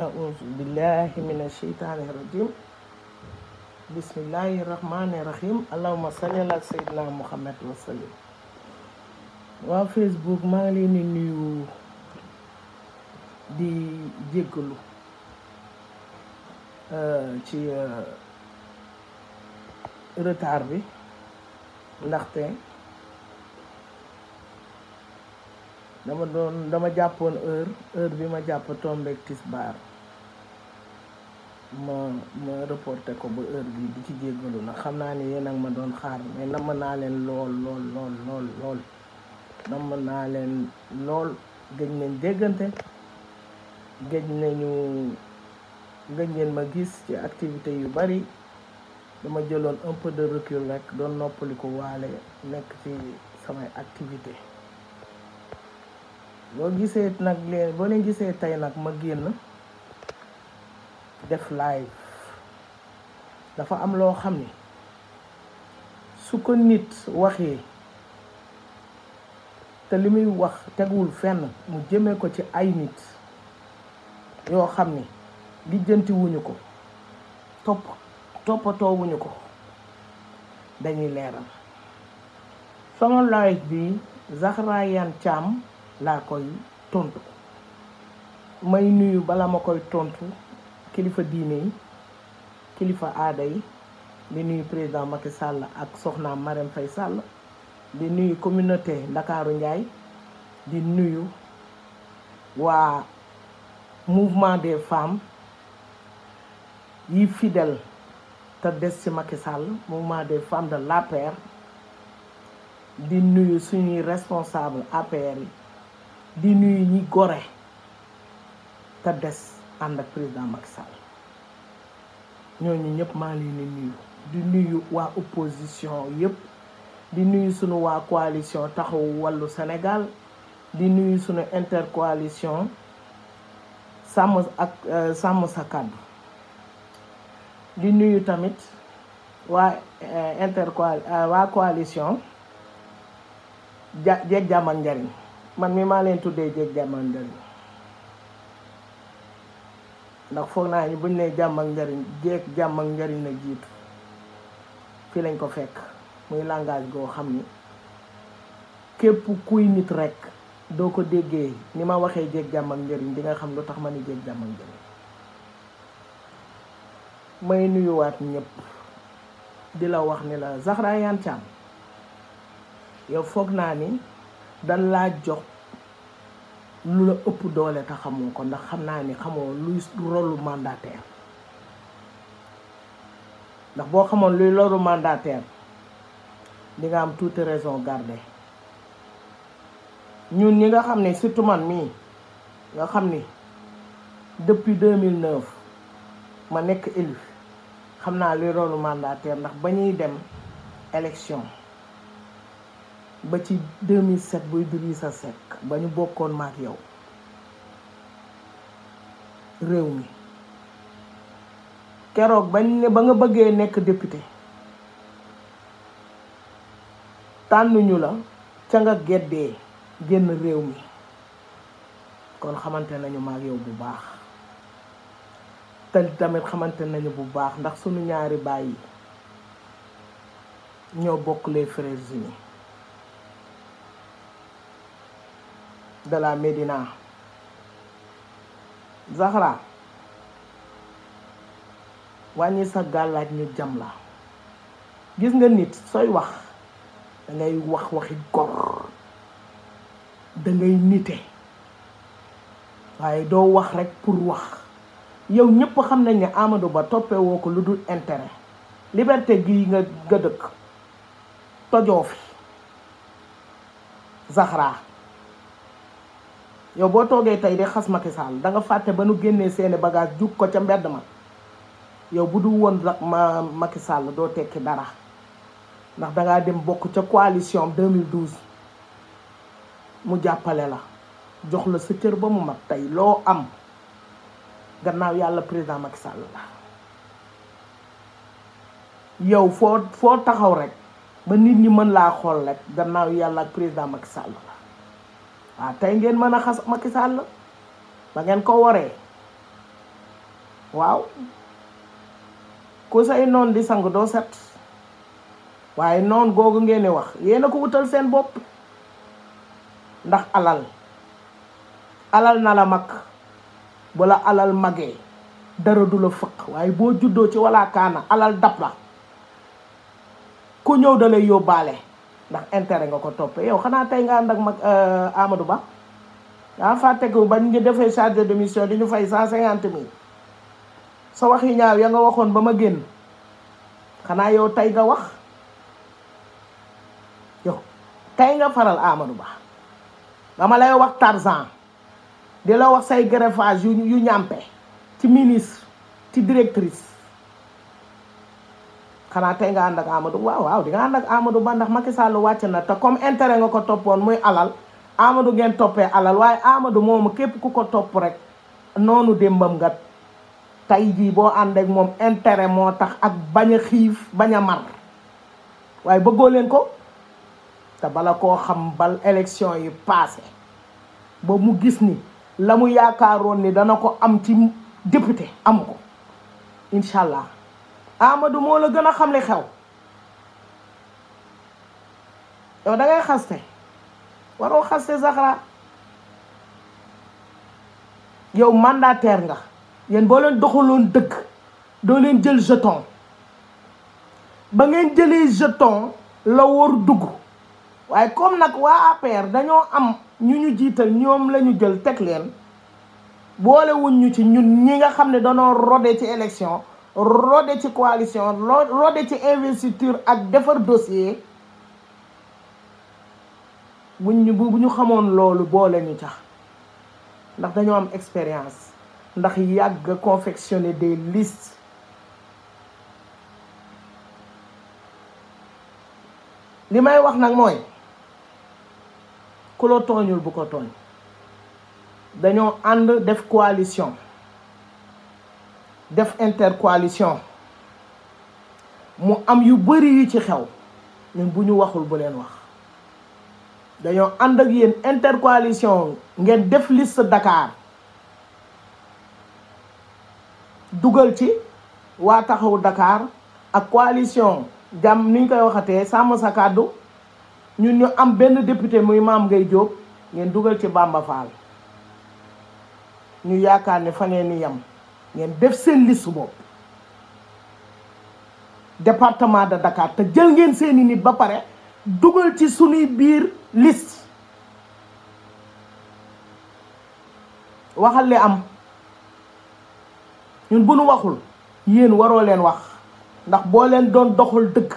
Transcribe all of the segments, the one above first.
أعوذ بالله من الشيطان الرجيم بسم الله الرحمن الرحيم اللهم صل على سيدنا محمد Facebook ma ngi leen di nuyu di jéggalu euh, ci euh, retard bi ndaxte dama doon dama jàppoon heure heure bi ma jàpp tombeeg ma ma reporté ko ba heure bi di ci jéggalu na xam naa ne yéen ak ma doon xaar mais namm naa leen lool lool lool lool lool namm naa leen lool gëj nañ déggante gëj nañu gëj ngeen ma gis ci activité yu bari dama jëloon un peu de recul rek doon noppaliku waale nekk ci samay activité boo gisee nag leen boo leen gisee tey nag ma génn def live dafa am loo xam ne su ko nit waxee te li muy wax tegul fenn mu jëmee ko ci ay nit yoo xam ni lijjanti ko topp toppatoo ko dañuy leeral sama live bi Zahra Iyane Thiam laa koy tontu may nuyu bala ma koy tontu kilifa diine yi kilifa aada yi di nuyu président Macky Sall ak soxnaam Marème Faye Sall di nuyu communauté Ndakaaru Njaay di nuyu waa mouvement des femmes yi fidèle te des ci Macky Sall mouvement des femmes de l'APR di nuyu suñuy responsable APR yi di nuyu ñi gore te des ànd ak président Macky Sall ñooñu ñëpp maa ngi leen di nuyu di nuyu waa opposition yëpp di nuyu sunu waa coalition taxaw wàllu Sénégal di nuyu sunu intercoalition sàmm ak euh, sàmm sa kàddu di nuyu tamit waa euh, intercoal euh, waa ja jeeg jàmmal njariñ man mi maa leen tuddee jeeg jàmmal njariñ ndax foog naa ni buñ nee jàmm ak njariñ jeeg jàmm ak njariñ la jiitu fii lañ ko fekk muy langage goo xam ni képp kuy nit rekk doo ko déggee ni ma waxee jeeg jàmm ak njariñ di nga xam lu tax ma ni jeeg jàmm ak njariñ may nuyuwaat ñépp di la wax ni la Zahra Iyane yow foog naa ni dan laa jox lu la ëpp doole te xamoo ko ndax xam naa ni xamoo luy rolu mandataire ndax boo xamoon luy loru mandataire di nga am toute raison garder ñun ñi nga xam ne surtout man mii nga xam ni depuis 2009 ma nekk élu xam naa luy rolu mandataire ndax ba ñuy dem élection ba ci 2007 buy Idrissa Seck ba ñu bokkoon maak yow réew mi keroog ba nga bëggee nekk député tànnuñu la ca nga geddee génn réew mi kon xamante nañu maak yow bu baax te tamit xamante nañu bu baax ndax sunu ñaari baay yi ñoo bokk les frères unis de la Médina Zahra wàññi sa gàllaaj ñu jam la gis nga nit sooy wax dangay ngay wax waxi gor da nite waaye doo wax rekk pour wax yow ñëpp xam nañ ne Amadou Ba toppewoo ko lu dul intérêt liberté gi nga nga dëkk tojoo fi yow boo toogee tey de xas Macky danga da fàtte ba nu génnee seeni bagage jug ko ca mbedd ma yow bu du woon ma Macky Sall doo tekki dara ndax dangaa dem bokk ca coalition 2012 mu jàppale la jox la sa cër ba mu mag tey loo am gannaaw yàlla président Macky Sall la yow foo foo taxaw rek ba nit ñi mën laa xool rek gannaaw yàlla ak président Macky la waaw tey ngeen meuna xass Macky Sall ba ngeen ko woré waw ko say non di sang do set waye non gogu ngeen wax yeena ko wutal sen bop ndax alal alal na la mak alal magé dara du la fëq waaye boo juddoo ci wala kana alal dapla, ku ñew dalay yobale ndax intérêt nga ko toppee eh. yow xanaa tey nga ànd ak mag eh, Amadou ah, Ba yaa fàtte ko bañ ñu defee charge de mission di ñu fay cent cinquante mille sa wax ñaaw ya nga waxoon ba ma génn xanaa yow tey nga wax yow tey nga faral Amadou ah, Ba dama lay wax Tarzan di la wax say greffage yu yu ñàmpe ci ministre ci directrice xanaa tey nga ànd ak waaw waaw di nga ànd ak Amadou Ba ndax Macky Sall wàcc na te comme intérêt nga ko toppoon muy alal Amadou ngeen toppee alal waaye Amadou moomu képp ku ko topp rek noonu démbam nga tey jii boo ànd ak moom intérêt moo tax ak bañ a xiif bañ a mar waaye bëggoo leen ko te bala koo xam bal élection yi paase ba mu gis ni la mu yaakaaroon ni dana ko am ci député amu ko incha Amadou moo la gën a xam li xew yow dangay ngay xaste waroo xaste Zahra yow mandataire nga yéen boo leen doxaloon dëkk doo leen jël jeton ba ngeen jëlee jeton la war dugg waaye comme nag waa APR dañoo am ñu ñu jiital ñoom lañu jël teg leen boolewuñ ñu ci ñun ñi nga xam ne danoo rodee ci élection rode ci coalition rode ci investiture ak defar dossier buñ ñu bu ñu xamoon loolu boole ñu tax ndax dañoo am expérience ndax yàgg confectionner des listes li may wax nag mooy ku la tooñul bu ko tooñ dañoo ànd def coalition def intercoalition mu am yu bëri yu ci xew ñun bu ñu waxul bu leen wax dañoo ànd ak yéen intercoalition ngeen def liste Dakar dugal ci waa taxaw Dakar ak coalition jam ni ñu koy waxatee sàmm sa kàddu ñun ñu am benn député muy Mame ngay job ngeen dugal ci Bamba Fall ñu yaakaar ne fa ngeen ni yam ngeen def seen liste boobu département de Dakar te jël ngeen seeni nit ba pare dugal ci sunuy biir liste waxal li am ñun bu nu waxul yéen waroo leen wax ndax boo leen doon doxal dëkk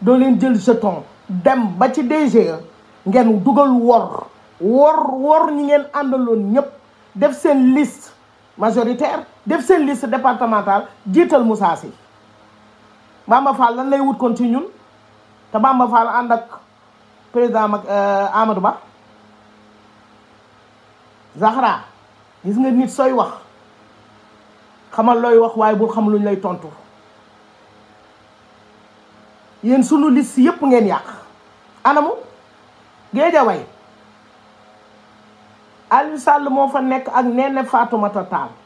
doo leen jël jeton dem ba ci DGE ngeen dugal wor wor wor ñi ngeen àndaloon ñëpp def seen liste majoritaire def seen liste départementale jiital Moussa Sy Bamba Fall lan lay wut kon ci ñun te Bamba Fall ànd ak président mag euh, Amadou Ba Zahra gis nga nit sooy wax xamal looy wax waaye bul xam luñ lay tontu yéen sunu liste yépp ngeen yàq anamu Géejawaay Aliou Sall moo fa nekk ak Néné Fatoumata Tall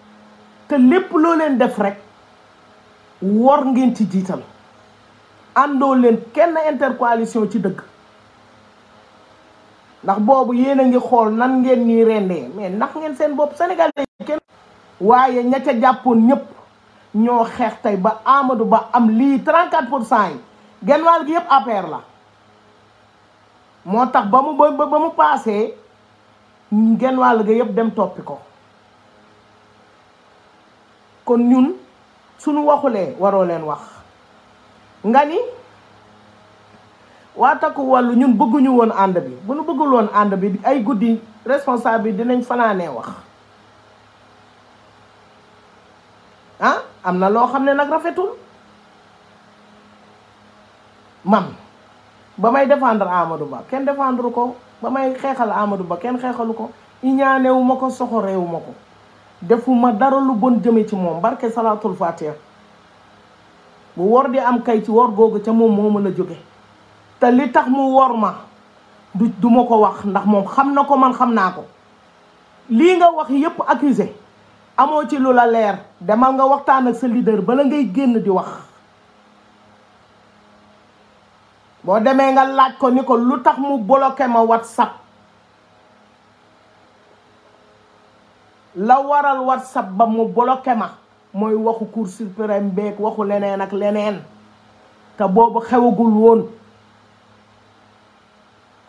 te lépp loo leen def rek wor ngeen ci jiital àndoo leen kenn intercoalition ci dëgg ndax boobu yéen a ngi xool nan ngeen ñuy rendee mais ndax ngeen seen bopp sénégalais kenn waaye ña ca jàppoon ñëpp ñoo xeex tey ba Amadou Ba am lii 34 pour cent yi genn gi yëpp APR la moo tax ba mu ba mu paasee genn wàll ga yëpp dem toppi ko kon ñun suñu waxulee waroo leen wax nga ni waa takku wàllu ñun bëgguñu woon ànd bi bu ñu bëggul woon ànd bi ay guddi responsable bi dinañ fanaanee wax ah am na loo xam ne nag rafetul man ba may défendre Amadou Ba kenn défendre ko ba may xeexal Amadou Ba kenn xeexalu ko iñaanewu ma ko soxoreewu ma ko defuma dara lu bon jëme ci moom barke salaatul faatiha bu wor di am kay ci wor googu ca moom moo mën a jóge te li tax mu wor ma du du ma ko wax ndax moom xam na ko man xam naa ko lii nga wax yépp accusé amoo ci lu la leer demal nga waxtaan ak sa leader bala ngay génn di wax boo demee nga laaj ko ni ko lu tax mu bloqué ma whatsapp la waral whatsapp ba mu bloqué ma mooy waxu cour suprême beeg waxu leneen ak leneen te boobu xewagul woon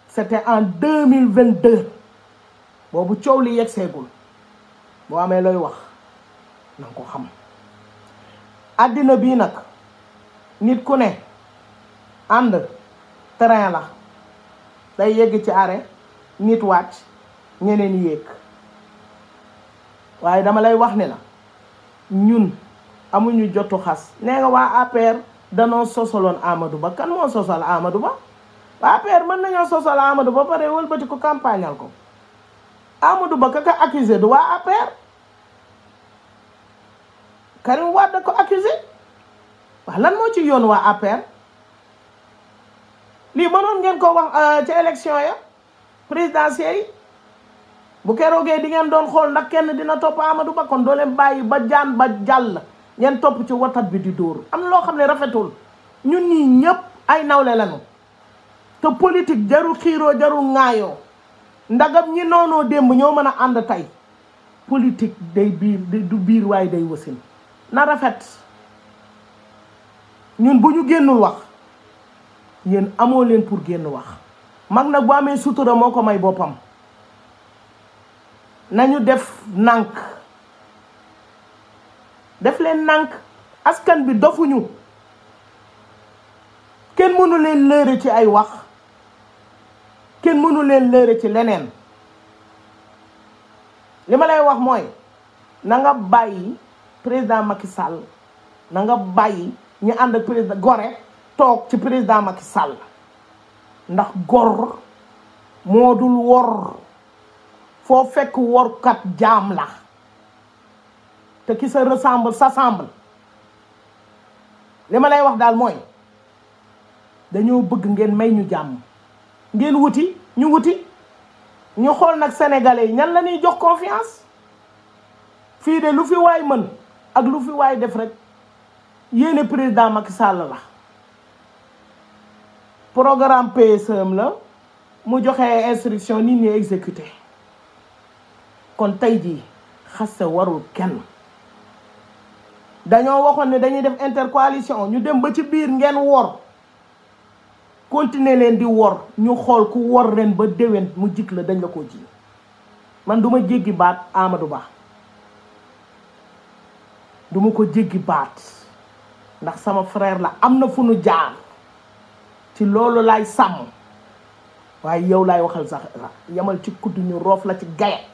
c'était en deux mille vingt deux boobu coow li yeggseegul boo amee looy wax na ko xam àddina bi nag nit ku ne ànd train la day yegg ci arrêt nit wàcc ñeneen yéeg waaye dama lay wax ni la ñun amuñu jotu xas nee nga waa APR danoo sosaloon amadu Ba kan moo sosal Amadou Ba waa APR mën nañoo sosal Amadou Ba pare wëlbati ko campagnal ko Amadou Ba ka ka accusé du waa APR Karim Wade ko accusé wax lan moo ci yoon waa APR lii mënoon ngeen ko wax euh, ca élection ya présidentielle yi bu keroogee di ngeen doon xool ndax kenn dina topp Amadou Ba kon doo leen bàyyi ba jaan ba jàll ngeen topp ci watat bi di dóor am na loo xam ne rafetul ñun ñii ñëpp ay nawle lañu te politique jaru xiiroo jaru ŋaayoo ndagam ñi noonoo démb ñoo mën a ànd tey politique day biir du biir waaye day wasin na rafet ñun bu ñu génnul wax yéen amoo leen pour génn wax mag nag bu amee sutura moo ko may boppam nañu def nànk def leen nànk askan bi dofuñu kenn mënu leen lëre ci ay wax kenn mënu leen lëre ci leneen li ma lay wax mooy nanga bàyyi président Macky Sall na nga bàyyi ñu ànd ak président gore toog ci président Macky Sall ndax gor moo dul wor foo fekk kat jam la te ki sa ressemble sa semble lima lay wax dal moy dañu bëgg ngeen may ñu jam ngeen wuti ñu wuti ñu xol nak sénégalais ñan la ni jox confiance fi de lu fi way man ak lu fi way def rek yene président Macky Sall la programme PSM e la mu joxe instruction nit ñi exécuter kon tey jii xaste warul kenn dañoo waxoon ne dañuy def intercoalition ñu dem ba ci biir ngeen wor continuer leen di wor ñu xool ku wor ren ba déwén mu jig la dañ la ko ji man duma ma jéggi baat Amadou Ba duma ko jéggi baat ndax sama freer la am na fu nu jaan ci loolu lay sàmm waaye yow laay waxal sax yamal ci kuddu ñu roof la ci gayet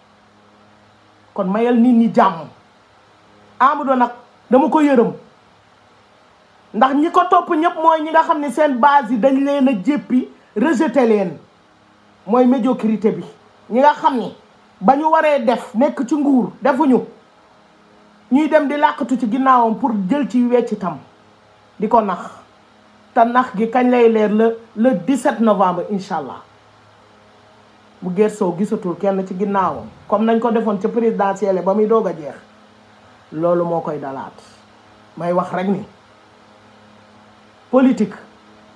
kon mayal nit ñi jàmm Amadou nag dama ko yërëm ndax ñi ko topp ñëpp mooy ñi nga xam ne seen base yi dañ leen a jéppi rejeté leen mooy médiocrité bi ñi nga xam ni ba ñu waree def nekk ci nguur defuñu ñuy dem di làqatu ci ginnaawam pour jël ci weccitam di ko nax te nax gi kañ lay leer la le set novembre incha allah bu gersoo gisatul kenn ci ginnaawam comme nañ ko defoon ca présidentielle ba muy doog a jeex loolu moo koy dalaat may wax rek ni politik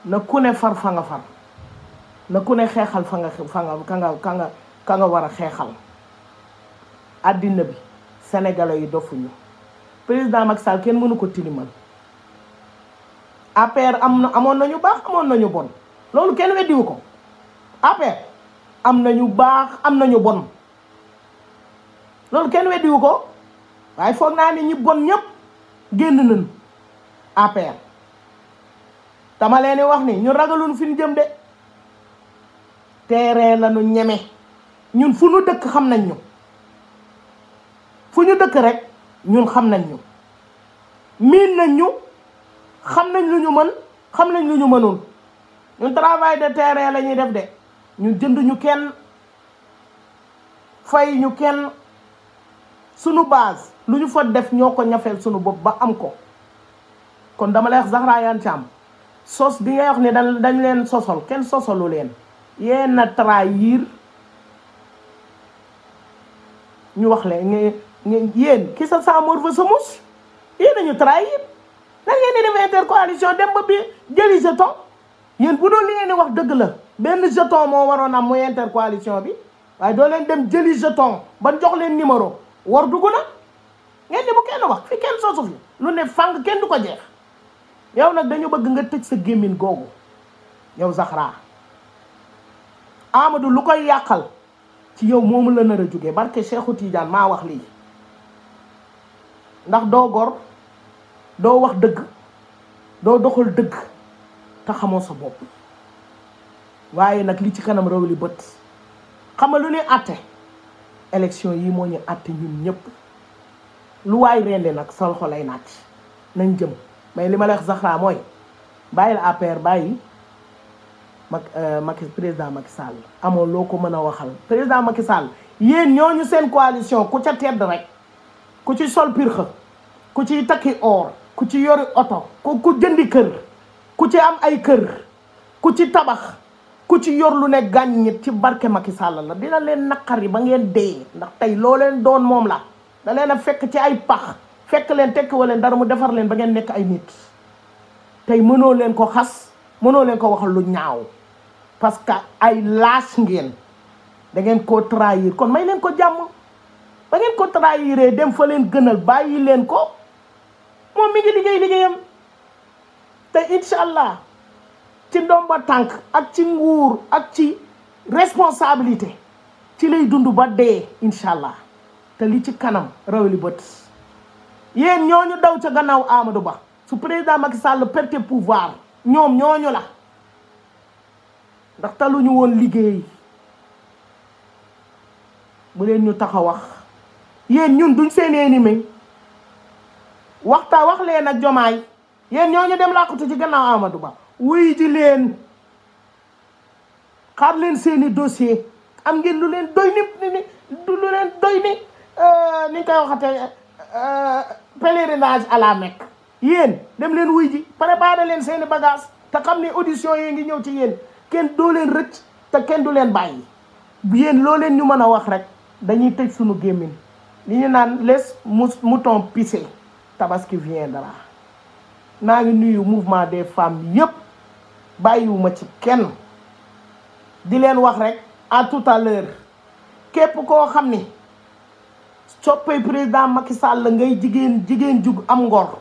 na ku ne far fa nga far na ku ne xeexal fa nga fa nga ka nga ka nga ka nga war a xeexal àddina bi sénégalais yi dofuñu président Macky Sall kenn mënu ko tilimal APR am na amoon nañu baax amoon nañu bon loolu kenn weddiwu ko APR am na ñu baax am na ñu bon loolu kenn weddiwu ko waaye foog naa ni ñi bon ñëpp génn nañ APR dama leen wax ni ñu ragalun fu ñu jëm de terrain la ñu ñeme ñun fu ñu dëkk xam nañ ñu fu ñu dëkk rek ñun xam nañ ñu miin nañ ñu xam nañ lu ñu mën xam nañ lu ñu mënul ñun travail de terrain la ñuy def de dënd ñu kenn fay ñu kenn suñu base lu ñu fa def ñoko ko suñu bop ba am ko kon dama lay wax Zahra yan cham sos bi ngay wax ne dañ dañ leen sosol ken sosolu leen yéen trahir ñu wax le ngay ngay yeen ki sa saamoor fa sa mus yéen ñu trahir da ni dem inter coalition dem ba bi jëli sa ton bu do li ngay wax deug la benn jeton moo waroon am muy intercoalition bi waaye doo leen dem jëli jeton ban jox leen numéro war dugg na ngeen ni bu kenn wax fi kenn soosu fi lu ne fàng kenn du ko jeex yow nag dañu bëgg nga tëj sa gémmiñ googu yow Zahra Amadou lu koy yàqal ci yow moomu la nar a jógee barke Cheikhou Tidiane maa wax lii ndax doo gor doo wax dëgg doo doxal dëgg te xamoo sa bopp waaye nag li ci kanam raw bët xam nga lu ñuy àtte élection yi moo ñu àtte ñun ñëpp lu waay rendi nag sa loxo lay naat nañ jëm mais li ma la wax mooy bàyyi la APR bàyyi euh, Macky président Macky Sall amoo loo ko mën a waxal président Macky Sall yéen ñu seen coalition ku ca tedd rek ku ci sol pirxa ku ci takki or ku ci yori oto ku ku jëndi kër ku ci am ay kër ku ci tabax ku ci yor lu ne gàññit ci barke Macky Sall la dina leen naqar yi ba ngeen dee ndax tey loo leen doon moom la da leen a fekk ci ay pax fekk leen tekk leen dara mu defar leen ba ngeen nekk ay nit tey mënoo leen ko xas mënoo leen ko waxal lu ñaaw parce que ay lâche ngeen da ngeen koo trahir kon may leen ko jàmm ba ngeen ko trahiree dem fa leen gënal bàyyi leen ko moom mi ngi liggéey liggéeyam te incha allah ci ndomba tank, ak ci nguur ak ci responsabilité ci lay dundu ba dé inshallah té li ci kanam rawli bot, yeen ñoñu daw ci gannaaw Amadou Ba su président Macky Sall perte pouvoir ñom ñoñu la ndax taluñu won liggéey mu leen ñu taxaw wax yeen ñun duñ seen ennemi waxta wax leen ak jomaay yeen ñoñu dem ci gannaaw Amadou Ba wuy ji leen xaar leen seeni dossier am ngeen lu leen doy ni ni lu leen doy ni euh, ni ñu koy waxte euh, pèlerinage à la yéen dem leen wuy ji préparé leen seeni bagage te xam ne audition yi ngi ñëw ci yéen kenn doo leen rëcc te kenn du leen bàyyi yéen loo leen ñu mën a wax rek dañuy tëj sunu gémmiñ li ñu naan laisse mouton pisser tabaski viendra naa ngi nuyu mouvement des femmes yëpp bayiwuma ci kenn di leen wax rek à tout à l'heure képp koo xam ni soppay président Macky Sall la ngay jigéen jigéen ju am ngor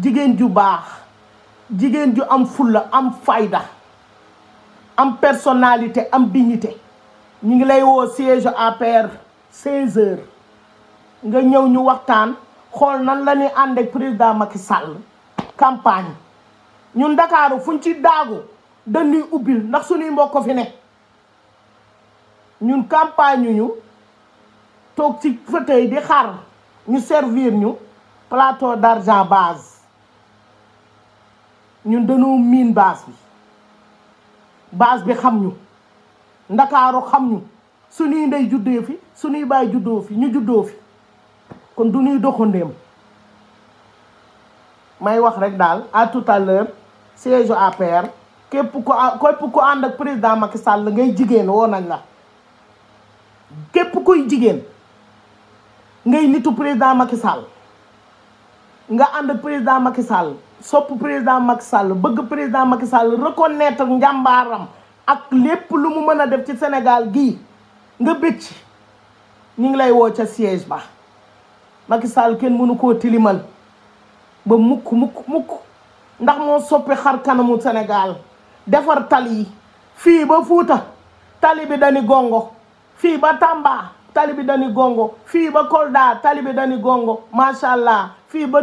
jigéen ju baax jigéen ju am fulla am fayda am personnalité am dignité ñi ngi lay woo siège APR 16 heures nga ñëw ñu waxtaan xool nan la ni ànd président Macky Sall campagne ñun ndakaaru fuñ ci daagu dañuy ubbil ndax suñuy mbokk fi ne ñun campagne ñu toog ci fauteuil di xaar ñu servir ñu plateau d'argent base ñun dañoo miin base bi base bi xam ñu ndakaaru xam ñu suñuy ndey juddee fi suñuy baay juddoo fi ñu juddoo fi kon du ñuy doxandéem may wax rek daal à tout à siège u APR képp ku képp ku ànd ak président Macky Sall ngay jigéen woo nañ la képp koy jigéen ngay nitu président Macky Sall nga ànd ak président Macky Sall sopp président Macky Sall bëgg président Macky Sall reconnaître njàmbaaram ak lépp lu mu mën a def ci Sénégal gi nga bëcc ñu ngi lay woo ca siège ba Macky Sall kenn mënu koo tilimal ba mukk mukk mukk ndax moo soppi xar kanamu Sénégal defar tali yi fii ba Fuuta tali bi dani gongo fii ba tàmba tali bi dani gongo fii ba Kolda tali bi dañu gongo macha allah fii ba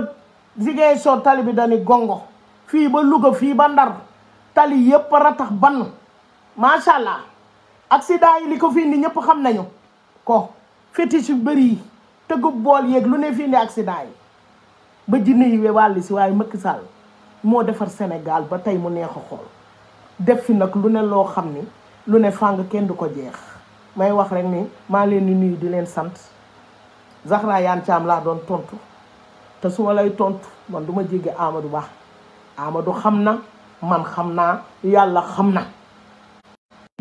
Ziguinchor tali bi dañu gongo fii ba Louga fii ba Ndar tali yëpp ratax bann macha allah accident yi li ko fii nii ñëpp xam nañu ko fétiche yu bëri yi tëggub bool yeeg lu ne fii indi accident yi ba jinne yi wàlli si waaye Macky Sall moo defar Sénégal ba tey mu neex a xool def fi nag lu ne loo xam ni lu ne fàng kenn du ko jeex may wax rek ni maa leen ni nuyu di leen sant Zahra Iyane Thiam laa doon tontu te su ma lay tontu man du ma jéggi Amadou Ba xam na man xam naa yàlla xam na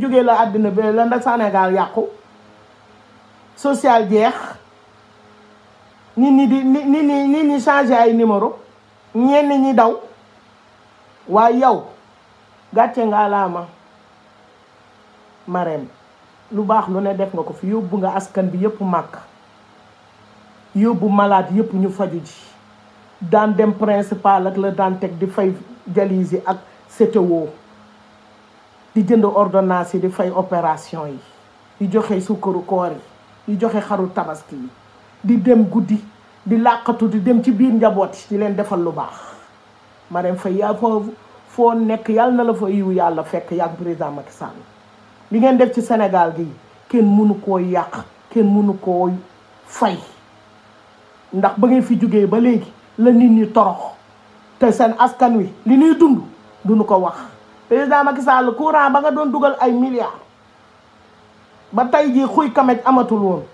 jógee la àddina bi la nda Sénégal yàqu social jeex nit ñi di nit ñi nit ñi changé ay numéro ñenn ñi daw waa yow gàcce nga alaama Marème lu baax lu ne def nga ko fi yóbbu nga askan bi yëpp màkk yóbbu malade yëpp ñu faju ji daan dem principal ak la daan teg di fay dialyse yi ak CTO di jënd ordonnance yi di fay opération yi di joxe sukkaru koor yi di joxe xaru tabaski yi di dem guddi di làqatu di dem ci biir njaboot yi di leen defal lu baax Marème fa yaa foofu foo nekk yàlla na la fa yiw yàlla fekk yàgg président Macky Sall li ngeen def ci Sénégal gi kenn mënu koo yàq kenn mënu koo fay ndax ba ngeen fi jógee ba léegi la nit ñi torox te seen askan wi li ñuy dund duñu ko wax président Macky Sall courant ba nga doon dugal ay milliards ba tey jii xuy kamej amatul woon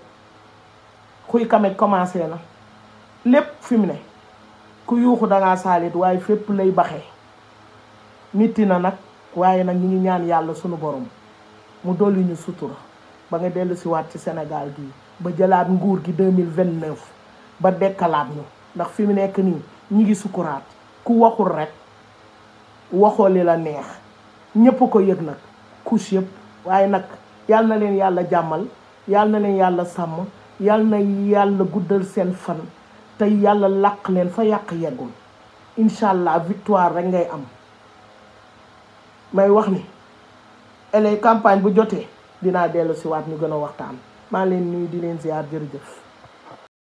xuy kamej commencé na lépp fi mu ne ku yuuxu dangaa saalit waaye fépp lay baxe mitti na nag waaye nag ñu ngi ñaan yàlla sunu borom mu dolli ñu sutura ba nga dellu waat ci senegaal gi ba jëlaat nguur gi 2029 ba dekkalaat ñu ndax fi mu nekk nii ñi ngi sukuraat ku waxul rekk waxoo la neex ñépp ko yëg nag couche yëpp waaye nag yal na leen yàlla jàmmal yal na leen yàlla sàmm yal na yàlla guddal seen fan tey yàlla làq leen fa yàq yeggul incha allah victoire rek ngay am may wax ni ele campagne bu jotee dinaa dellu si waat ñu gën a waxtaan maa leen nuyu di leen ziar jërëjëf